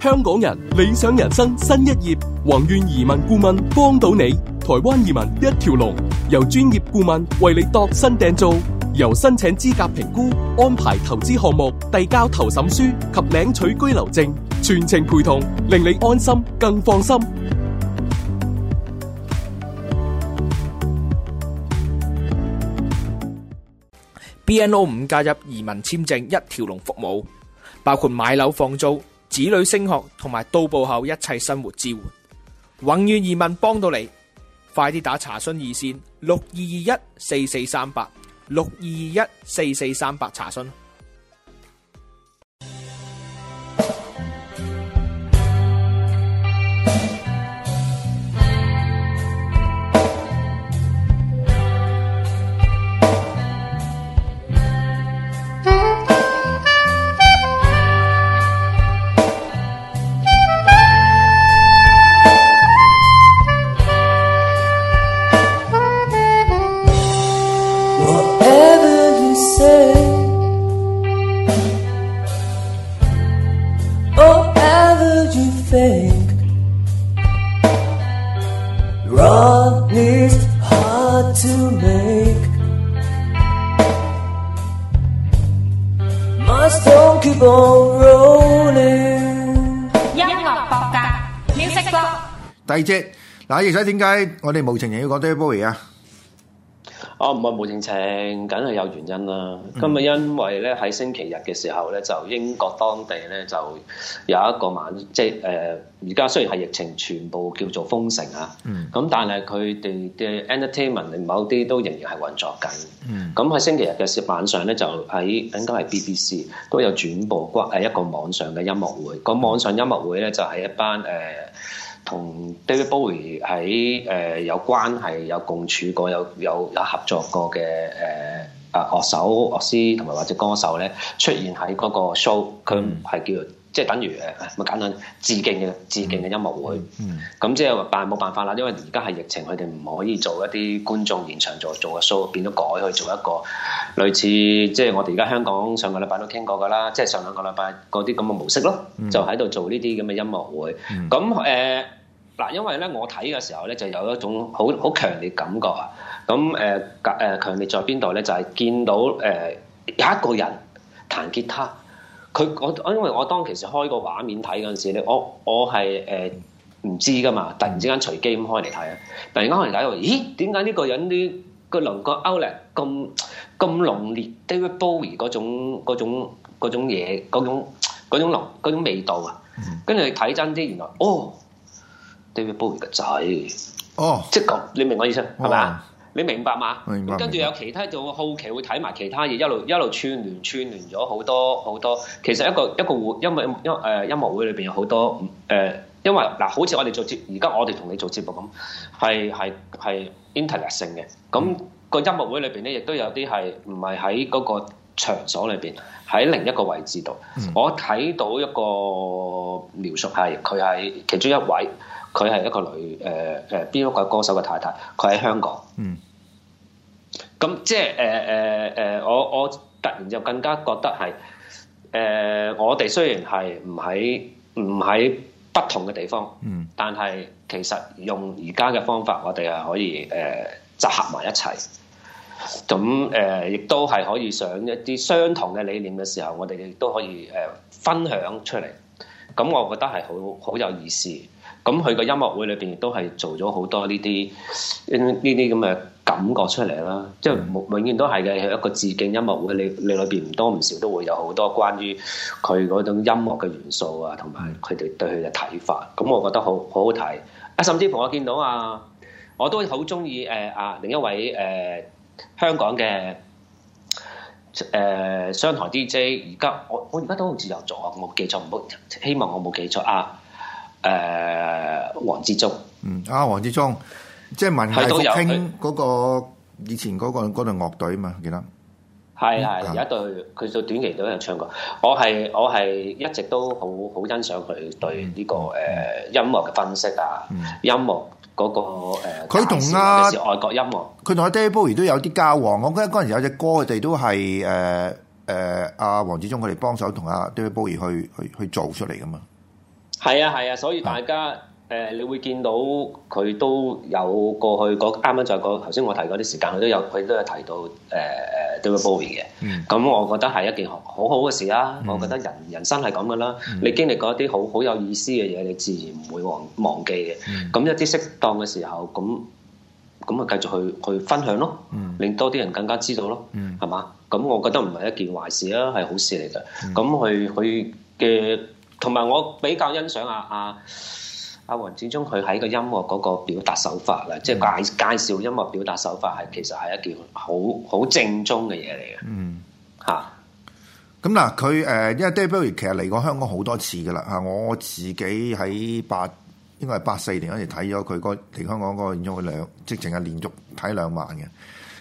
香港人理想人生新一頁，宏願移民顧問幫到你，台灣移民一條龍，由專業顧問為你度身訂造，由申請資格評估、安排投資項目、遞交投審書及領取居留證，全程陪同，令你安心更放心。BNO 五加入移民簽證一條龍服務，包括買樓放租。子女升學同埋到步後一切生活支援，永遠移民幫到你，快啲打查詢二線六二二一四四三八六二二一四四三八查詢。博格，Music Blog。第二隻嗱，亦使點解我哋無情人要講 David Bowie 啊？哦，唔係冇情情，梗係有原因啦。今日因為咧喺星期日嘅時候咧，就英國當地咧就有一個晚，即係誒而家雖然係疫情，全部叫做封城啊。咁、嗯、但係佢哋嘅 entertainment 某啲都仍然係運作緊。咁喺、嗯、星期日嘅晚上咧，就喺應該係 BBC 都有轉播關誒一個網上嘅音樂會。個網上音樂會咧就係、是、一班誒。呃同 David Bowie 喺誒、呃、有關係，有共處過，有有有合作過嘅誒啊樂手、樂師同埋或者歌手咧出現喺嗰個 show，佢唔係叫。即係等於誒，咪簡單致敬嘅致敬嘅音樂會。咁即係話辦冇辦法啦，因為而家係疫情，佢哋唔可以做一啲觀眾現場做做嘅 show，變咗改去做一個類似，即係我哋而家香港上個禮拜都傾過㗎啦，即係上兩個禮拜嗰啲咁嘅模式咯，就喺度做呢啲咁嘅音樂會。咁誒嗱，因為咧我睇嘅時候咧，就有一種好好強烈感覺啊。咁誒誒，強烈在邊度咧？就係見到誒有一個人彈吉他。佢我因為我當其時開個畫面睇嗰陣時咧，我我係誒唔知噶嘛，突然之間隨機咁開嚟睇啊！突然間開嚟睇，我咦？點解呢個人啲個濃個 out 咁咁濃烈？David Bowie 嗰種嗰種嘢嗰種嗰種，嗰種，嗰種濃，嗰種味道啊！跟住睇真啲，原來哦，David Bowie 個仔哦，哦即係講你明我意思係咪哇你明白嘛？明白。跟住有其他就明白好奇會睇埋其他嘢，一路一路串聯串聯咗好多好多。其實一個一個會，因為、呃、音樂會裏邊有好多誒、呃，因為嗱、呃，好似我哋做節，而家我哋同你做節目咁，係係係 interactivity 嘅。咁、嗯、個音樂會裏邊咧，亦都有啲係唔係喺嗰個場所裏邊，喺另一個位置度。嗯、我睇到一個描述係佢係其中一位，佢係一個女誒誒邊一個歌手嘅太，太太，佢喺香港。嗯。咁即係誒誒誒，我我突然就更加覺得係誒、呃，我哋雖然係唔喺唔喺不同嘅地方，嗯，但係其實用而家嘅方法，我哋係可以誒、呃、集合埋一齊。咁誒、呃，亦都係可以上一啲相同嘅理念嘅時候，我哋亦都可以誒、呃、分享出嚟。咁我覺得係好好有意思。咁佢個音樂會裏邊亦都係做咗好多呢啲呢啲咁嘅。這感覺出嚟啦，即係永永遠都係嘅一個致敬音樂會。你你裏邊唔多唔少都會有好多關於佢嗰種音樂嘅元素啊，同埋佢哋對佢嘅睇法。咁、嗯、我覺得好好好睇啊！甚至乎我見到啊，我都好中意誒啊，另一位誒、呃、香港嘅誒商台 DJ。而家我我而家都好自由做啊！我記錯唔好，希望我冇記錯啊！誒、呃，黃之忠。嗯啊，黃之忠。即文係文藝復興嗰個以前嗰，那個嗰隊，那個，樂隊啊嘛，記得係係有一隊佢就短期都有唱過。我係我係一直都好好欣賞佢對呢個誒音樂嘅分析啊，音樂嗰個佢同阿外國音樂，佢同阿 David Bowie 都有啲交往。我記得嗰陣時有隻歌佢哋都係誒誒阿黃子忠佢哋幫手同阿 David Bowie 去去去做出嚟㗎嘛。係啊係啊，所以大家。誒，uh, 你會見到佢都有過去嗰啱啱再講頭先我提嗰啲時間，佢都有佢都有提到誒誒，David Bowie 嘅。咁，mm. 我覺得係一件好好嘅事啦、啊。我覺得人人生係咁噶啦，mm. 你經歷過一啲好好有意思嘅嘢，你自然唔會忘忘記嘅。咁、mm. 一啲適當嘅時候，咁咁啊，繼續去去分享咯，令多啲人更加知道咯，係嘛、mm.？咁我覺得唔係一件壞事啊，係好事嚟嘅。咁佢佢嘅同埋，我比較欣賞啊啊！啊啊阿黃展忠佢喺個音樂嗰個表達手法啦，嗯、即係介介紹音樂表達手法係其實係一件好好正宗嘅嘢嚟嘅。嗯，嚇、啊。咁嗱、嗯，佢誒、嗯，因為 Bowie 其實嚟過香港好多次噶啦嚇，我自己喺八應該係八四年嗰陣睇咗佢個嚟香港嗰個演出，佢兩即係淨係連續睇兩晚嘅。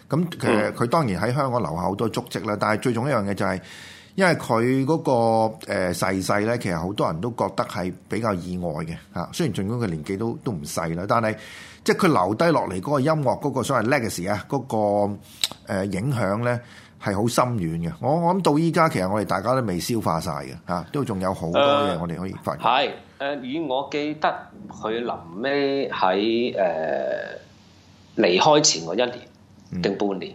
咁其實佢當然喺香港留下好多足跡啦，但係最重要一樣嘢就係。因為佢嗰、那個誒逝世咧，其實好多人都覺得係比較意外嘅嚇、啊。雖然儘管佢年紀都都唔細啦，但係即係佢留低落嚟嗰個音樂嗰、那個所謂 legacy 啊，嗰、呃、個影響咧係好深遠嘅。我我諗到依家其實我哋大家都未消化晒嘅嚇，都、啊、仲有好多嘢我哋可以發現。係誒、呃，以、呃、我記得佢臨尾喺誒離開前嗰一年定半年，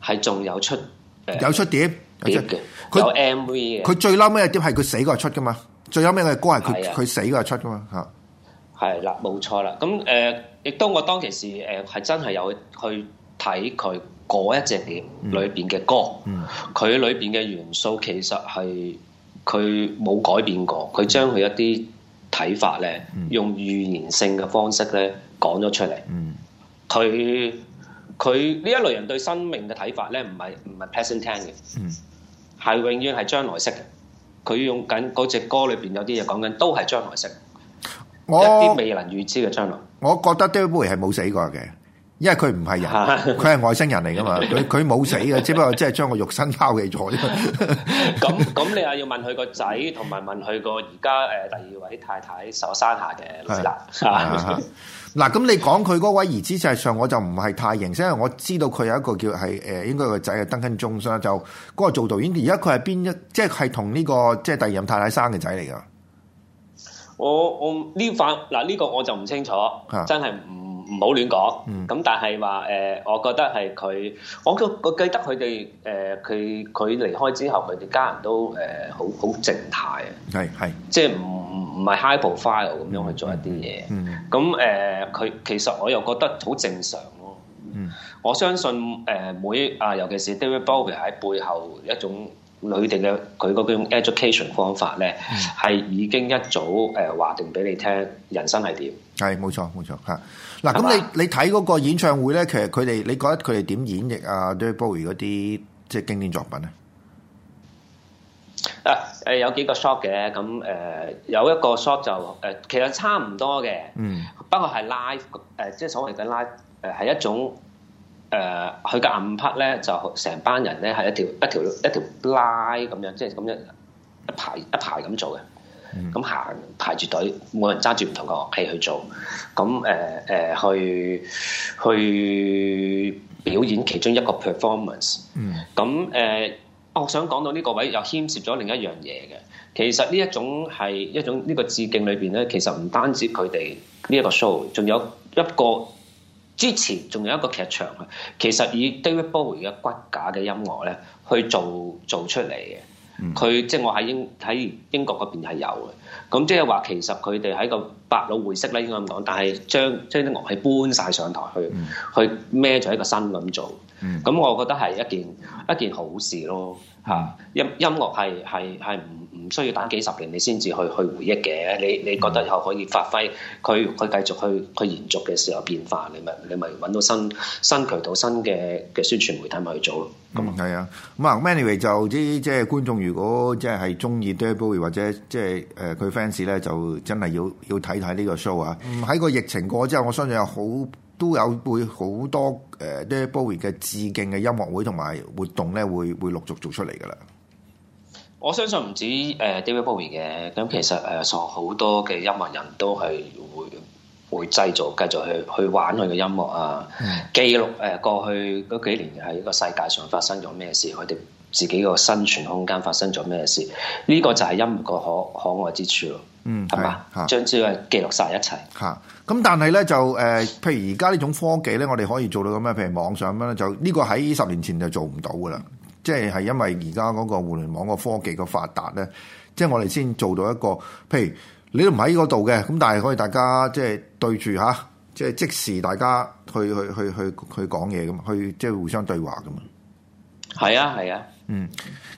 係仲、嗯嗯、有出、呃、有出碟。點嘅，他有 MV 嘅，佢最嬲咩點係佢死嗰日出噶嘛？最嬲咩嘅歌係佢佢死嗰日出噶嘛？吓的，係啦，冇錯啦。咁誒，亦、呃、都我當其時誒係真係有去睇佢嗰一隻碟裡邊嘅歌，佢、嗯嗯、裡邊嘅元素其實係佢冇改變過，佢將佢一啲睇法咧，用預言性嘅方式咧講咗出嚟、嗯。嗯，佢、嗯。佢呢一類人對生命嘅睇法咧，唔係唔係 present tense 嘅，係、嗯、永遠係將來式嘅。佢用緊嗰隻歌裏邊有啲嘢講緊，都係將來式，我一啲未能預知嘅將來。我覺得 David Bowie 係冇死過嘅。因為佢唔係人，佢係外星人嚟噶嘛？佢佢冇死嘅，只不過即係將個肉身拋棄咗啫。咁咁，你又要問佢個仔，同埋問佢個而家誒第二位太太所生下嘅啦，嗱，咁你講佢嗰位兒子，事實上我就唔係太認識，因為我知道佢有一個叫係誒，應該個仔係 Duncan Jones，所以就嗰個做導演，而家佢係邊一？即係同呢個即係第二任太太生嘅仔嚟噶。我我呢塊嗱呢個我就唔清楚，真係唔。啊唔好亂講，咁但係話誒，我覺得係佢，我都我記得佢哋誒，佢、呃、佢離開之後，佢哋家人都誒好好靜態啊，係係，即係唔唔係 high profile 咁樣去做一啲嘢，咁誒佢其實我又覺得好正常咯，嗯、我相信誒、呃、每啊，尤其是 David Bowie 喺背後一種。佢哋嘅佢嗰種 education 方法咧，係已經一早誒話定俾你聽，人生係點？係冇錯冇錯嚇。嗱咁吧你你睇嗰個演唱會咧，其實佢哋你覺得佢哋點演繹啊？Bowie 嗰啲即係經典作品咧？啊誒有幾個 shot 嘅，咁誒、呃、有一個 shot 就誒、呃、其實差唔多嘅，不過係 live 誒、呃、即係所謂嘅 live 誒、呃、係一種。誒，佢嘅暗拍咧就成班人咧係一條一條一條拉咁樣，即係咁一一排一排咁做嘅。咁行、嗯、排住隊，冇人揸住唔同個樂器去做。咁誒誒去去表演其中一個 performance、嗯。咁誒、呃，我想講到呢個位又牽涉咗另一樣嘢嘅。其實呢一種係一種呢個致敬裏邊咧，其實唔單止佢哋呢一個 show，仲有一個。之前仲有一個劇場，其實以 David Bowie 嘅骨架嘅音樂咧，去做做出嚟嘅，佢即係我喺英喺英國嗰邊係有嘅，咁即係話，其實佢哋喺個。百老會式咧，應該咁講，但係將將啲樂器搬晒上台去，嗯、去孭咗一個新咁做，咁、嗯、我覺得係一件、嗯、一件好事咯嚇。音音樂係係係唔唔需要等幾十年你先至去去回憶嘅。你你覺得又可以發揮佢佢繼續去去延續嘅時候變化，你咪你咪揾到新新渠道、新嘅嘅宣傳媒體咪去做咯。嗯，係啊。咁啊，anyway 就啲即係觀眾，如果即係係中意 David Bowie 或者即係誒佢 fans 咧，就真係要要睇。睇呢個 show 啊，喺個疫情過之後，我相信有好都有會好多誒，啲、呃、Bowie 嘅致敬嘅音樂會同埋活動咧，會會陸續做出嚟噶啦。我相信唔止誒 David Bowie 嘅，咁、呃、 其實誒，仲、呃、好多嘅音樂人都係會會製造繼續去去玩佢嘅音樂啊， 記錄誒、呃、過去嗰幾年喺呢個世界上發生咗咩事，佢哋。自己個生存空間發生咗咩事？呢、這個就係音樂個可可愛之處咯。嗯，係嘛吧？啊、將資料記錄晒一齊。嚇、啊！咁但係咧就誒、呃，譬如而家呢種科技咧，我哋可以做到咁咩？譬如網上咁樣咧？就呢、這個喺十年前就做唔到噶啦。即係係因為而家嗰個互聯網個科技個發達咧，即、就、係、是、我哋先做到一個。譬如你都唔喺嗰度嘅，咁但係可以大家即係、就是、對住嚇，即、就、係、是、即時大家去去去去去，去講嘢咁，去即係、就是、互相對話咁啊。係的啊，係啊。嗯，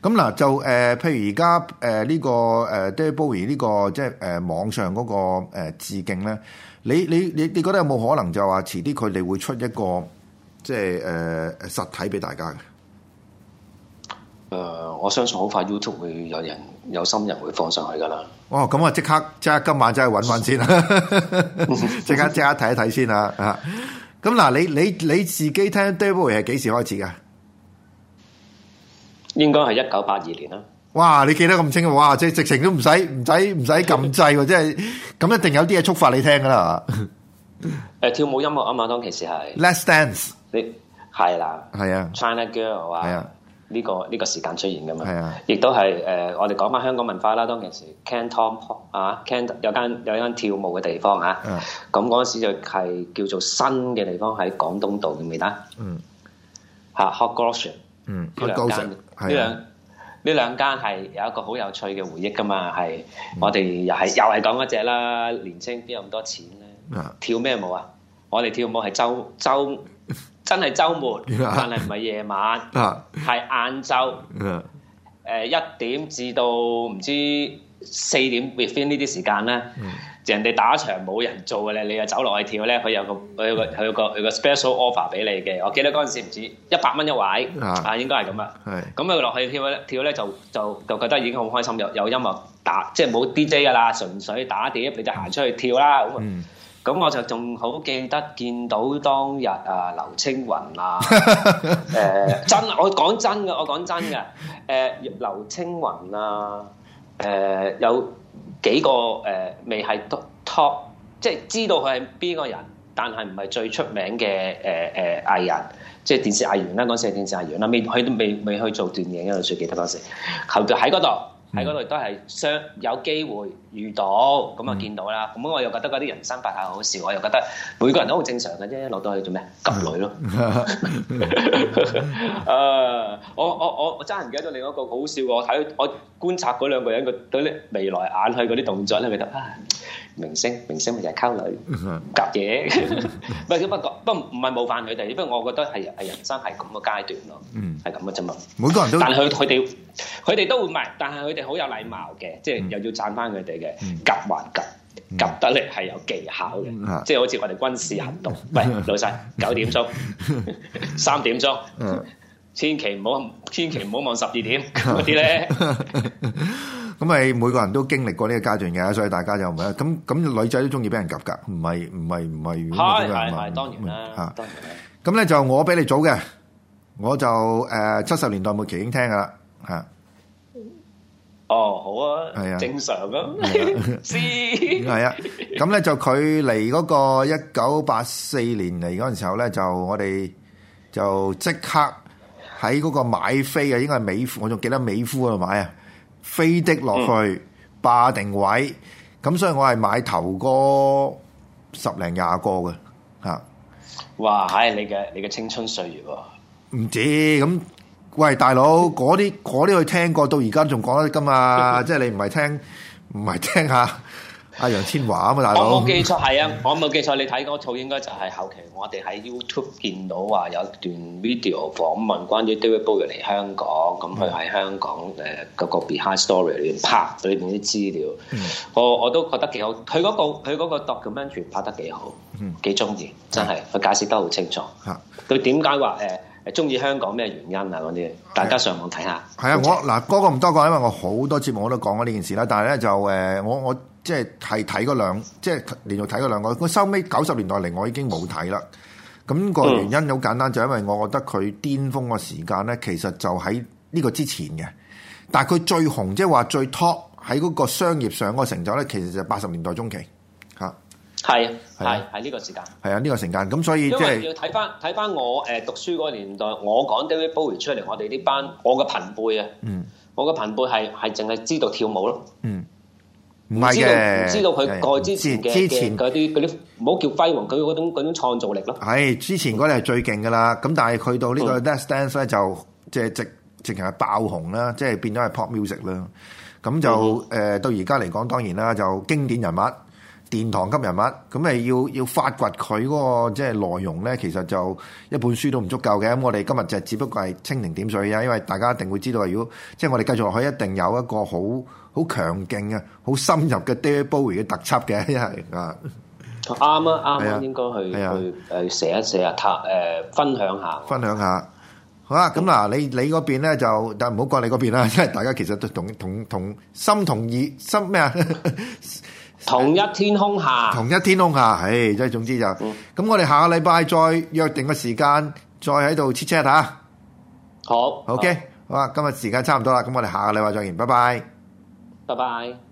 咁嗱就誒、呃，譬如而家誒呢個 d、呃這個、即係 Bowie 呢個即係誒網上嗰、嗰個致、呃、敬咧，你你你你覺得有冇可能就話遲啲佢哋會出一個即係誒、呃、實體俾大家嘅？誒、呃，我相信好快 YouTube 會有人有心人會放上去噶啦。哦，咁我即刻即刻今晚即、嗯、 刻揾揾先啦，即刻即刻睇一睇先啦啊！咁、啊、嗱、呃，你你你自己聽 Bowie 係幾時開始噶？應該係一九八二年啦。哇！你記得咁清，哇！即係直情都唔使唔使唔使撳掣喎，即係咁一定有啲嘢觸發你聽噶啦。誒，跳舞音樂啊嘛，當其時係。Let's Dance。你係啦。係啊。China Girl 係嘛？係啊。呢個呢個時間出現噶嘛？係啊。亦都係誒，我哋講翻香港文化啦，當其時。Canton 啊，Canton 有間有間跳舞嘅地方啊。咁嗰陣時就係叫做新嘅地方喺廣東道嘅面啦。嗯。嚇 h o k 嗯。呢兩呢兩間係有一個好有趣嘅回憶㗎嘛，係、嗯、我哋又係又係講嗰隻啦。年青邊有咁多錢咧？啊、跳咩舞啊？我哋跳舞係週週真係週末，但係唔係夜晚，係晏晝，誒一點至到唔知四點，within 間呢啲時間咧。嗯嗯嗯人哋打場冇人做嘅咧，你就走落去跳咧，佢有個佢有個佢有個佢個 special offer 俾你嘅。我記得嗰陣時唔止一百蚊一位，啊應該係咁啦。咁啊落去跳咧跳咧就就就覺得已經好開心，有有音樂打，即係冇 DJ 噶啦，純粹打碟，你就行出去跳啦。咁咁、嗯、我就仲好記得見到當日啊劉青雲啊，誒、 呃、真我講真嘅，我講真嘅誒、 呃、劉青雲啊。誒、呃，有幾個誒、呃、未係 top，即係知道佢係邊個人，但係唔係最出名嘅，誒誒藝人，即係電視藝人啦。嗰時係電視藝人啦，未去都未未，未去做電影嘅，因為最記得嗰時，球隊喺嗰度。喺嗰度都係相有機會遇到，咁啊見到啦。咁、嗯、我又覺得嗰啲人生百態好笑，我又覺得每個人都好正常嘅啫。落到去做咩？撳女咯。啊！我我我我真係唔記得咗另一個好笑嘅。我睇我觀察嗰兩個人嘅對啲未來眼去嗰啲動作咧，覺得啊～明星明星咪就係溝女夾嘢，唔 取的 不過不唔係冒犯佢哋，不過我覺得係係人生係咁個階段咯，係咁嘅啫嘛。嗯、每個人都，但係佢哋佢哋都會問，但係佢哋好有禮貌嘅，即係又要讚翻佢哋嘅夾還夾，夾得力係有技巧嘅，即係好似我哋軍事行動。喂， 老細九點鐘， 三點鐘，千祈唔好千祈唔好望十二點嗰啲咧。 咁咪每個人都經歷過呢個階段嘅，所以大家就唔係咁咁女仔都中意俾人夾㗎，唔係唔係唔係。係係係當然啦嚇。咁咧就我比你早嘅，我就誒七十年代末期已經聽㗎啦嚇。哦好啊，係啊，正常咁係啊，係啊。咁咧就佢嚟嗰個一九八四年嚟嗰陣時候咧，就我哋就即刻喺嗰個買飛啊，應該係美孚，我仲記得美孚嗰度買啊。飛的落去、嗯、霸定位，咁所以我係買頭哥十零廿個嘅，吓，哇，係你嘅你嘅青春歲月喎、啊，唔知。咁喂大佬嗰啲嗰啲我聽過，到而家仲講得㗎嘛？ 即係你唔係聽唔係聽下。阿、啊、楊天華啊嘛，大我冇記錯係、嗯、啊，我冇記錯。你睇嗰套應該就係後期，我哋喺 YouTube 見到話有一段 video 訪問，關於 David Bowie 嚟香港，咁佢喺香港誒個個 behind story 裏面拍裏面啲資料。嗯、我我都覺得幾好，佢嗰、嗰個佢嗰個 documentary 拍得幾好，幾中意，真係佢、嗯、解釋得好清楚。佢點解話誒，嗯中意香港咩原因啊？嗰啲大家上網睇下。係啊的，喜我嗱嗰個唔多講，因為我好多節目我都講過呢件事啦。但係咧就誒，我我即係係睇嗰兩，即係連續睇嗰兩個。佢收尾九十年代嚟，我已經冇睇啦。咁個原因好簡單，嗯、就因為我覺得佢巔峰個時間咧，其實就喺呢個之前嘅。但係佢最紅，即係話最 top 喺嗰個商業上個成就咧，其實就八十年代中期。係啊，係係呢個時間，係啊呢個時間，咁所以即係要睇翻睇翻我誒讀書嗰個年代，我講啲啲保留出嚟，我哋呢班，我嘅朋輩啊，嗯，我嘅朋輩係係淨係知道跳舞咯，嗯，唔係嘅，唔知道佢過去之前嘅嘅嗰啲嗰啲，唔好叫輝煌，佢嗰種嗰種創造力咯，係，之前嗰啲係最勁噶啦，咁但係去到呢個 dance dance 咧就即係直直係爆紅啦，即係變咗係 pop music 啦，咁就誒到而家嚟講，當然啦就經典人物。殿堂級人物，咁誒要要發掘佢嗰個即係內容咧，其實就一本書都唔足夠嘅。咁我哋今日就只不過係蜻蜓點水啊，因為大家一定會知道，如果即係我哋繼續落去，一定有一個好好強勁 啊、好深入嘅 David Bowie 嘅特輯嘅，因係啊，啱啊，啱啊，應該去去、啊啊、去寫一寫啊，誒、呃，分享下，分享下，嗯、好啊。咁嗱，你你嗰邊咧就，但唔好怪你嗰邊啦，因為大家其實都同同同，同心同意心咩啊？ 同一天空下，同一天空下，唉，即係總之就咁。嗯、我哋下個禮拜再約定個時間，再喺度切 h a 吓。好，o Okay , k 好啦，今日時間差唔多啦，咁我哋下個禮拜再見，拜拜，拜拜。